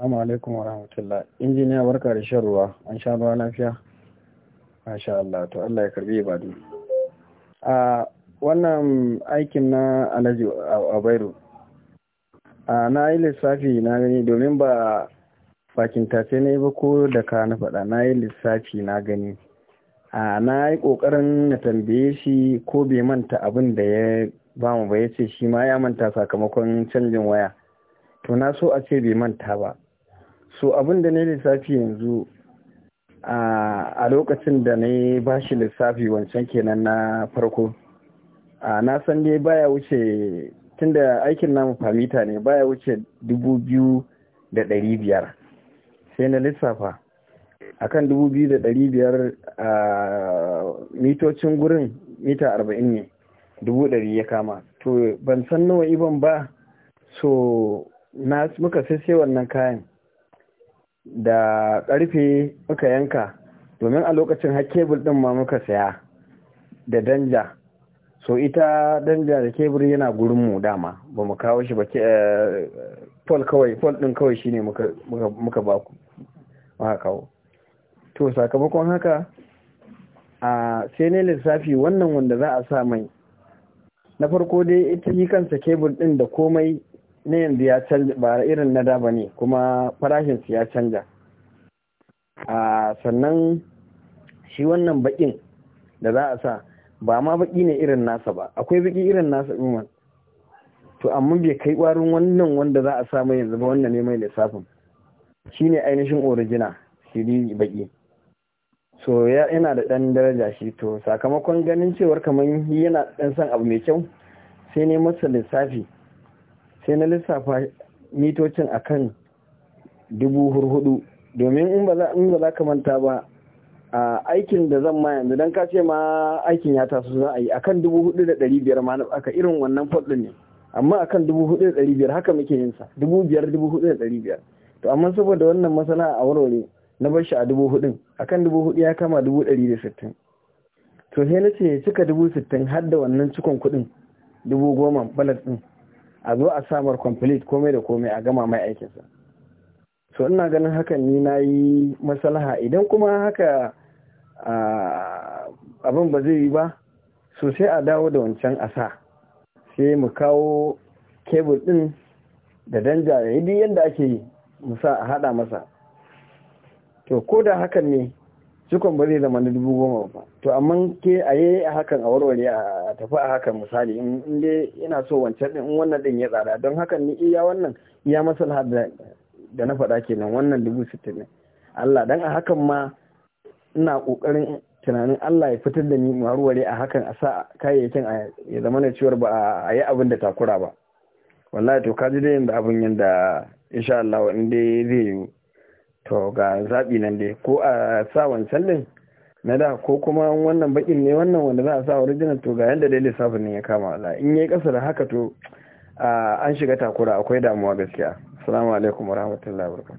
Assalamu alaikum wa rahmatullah. Injiniya barka da shan ruwa, an sha ruwa lafiya? Masha Allah, to Allah ya karbi ibadu. A wannan aikin na Alhaji Abairu. A na yi lissafi na gani domin ba bakin tace na yi ba ko da ka na faɗa na yi lissafi na gani. A na yi ƙoƙarin na tambaye shi ko bai manta abin da ya ba mu ba ya ce shi ma ya manta sakamakon canjin waya. to na so a ce bai manta ba so abin da na lissafi yanzu a lokacin da na ba shi lissafi wancan kenan na farko na san dai baya wuce tun da aikin namu famita ne baya wuce dubu biyu da ɗari biyar sai na lissafa a kan dubu biyu da ɗari biyar a mitocin gurin mita arba'in ne dubu ɗari ya kama to ban san nawa iban ba so na muka sai sai wannan kayan da ƙarfe muka yanka domin a lokacin har kebul ɗin ma muka saya da danja so ita danja da kebul yana gurinmu dama ba mu kawo shi ba eh, pol kawai pol ɗin kawai shine muka baku muka kawo to sakamakon haka a sai ne lissafi wannan wanda za a sa mai na farko dai ita yi kansa kebul ɗin da komai Na yanzu ya canja ba irin na da ne kuma farashinsu ya canja a sannan shi wannan bakin da za a sa ba ma baki ne irin nasa ba akwai baki irin nasa ɗin to amma bai kai ƙwarin wannan wanda za a sa mai yanzu ba wannan ne mai lissafin Shi ne ainihin orijina shiri baki so ya yana da ɗan daraja shi to sakamakon ganin cewar kamar yana ɗan san abu mai kyau sai ne masa lissafi sai na lissafa mitocin kan dubu hurhudu domin in ba za ka manta ba a aikin da zan ma yanzu don ka ce ma aikin ya taso za a yi akan dubu hudu da dari biyar ma aka irin wannan fadin ne amma akan dubu hudu da dari biyar haka muke yin sa dubu biyar dubu hudu da dari biyar to amma saboda wannan masana a warware na bar shi a dubu a akan dubu hudu ya kama dubu dari da sittin to sai na ce cika dubu sittin har da wannan cikon kudin dubu goma balas din. a zo a samar complete komai da komai a gama mai aikinsa so ina ganin hakan ni na yi masalaha idan kuma haka abin ba zai yi ba so sai a dawo da wancan asa sai mu kawo kebul din da danja da yadda ake yi musa a hada masa to ko da hakan ne cikon ba zai zama na dubu goma ba to amma ke a yi a hakan a warware a tafi a hakan misali in dai yana so wancan din wannan din ya tsada don hakan ni iya wannan iya masalha da na faɗa kenan wannan dubu sittin ne Allah dan a hakan ma ina kokarin tunanin Allah ya fitar da ni warware a hakan a sa kayayyakin a ya zama na ciwar ba a yi abin da takura ba wallahi to ka ji da yin da abin yadda insha Allah in dai zai yiwu to ga zaɓi nan dai ko a sa wancan din na da ko kuma wannan bakin ne wannan wanda za a sa original to ga yanda dai lissafin ne ya kama wala in yi ƙasa da haka to an shiga takura akwai damuwa gaskiya assalamu alaikum warahmatullahi wabarakatuh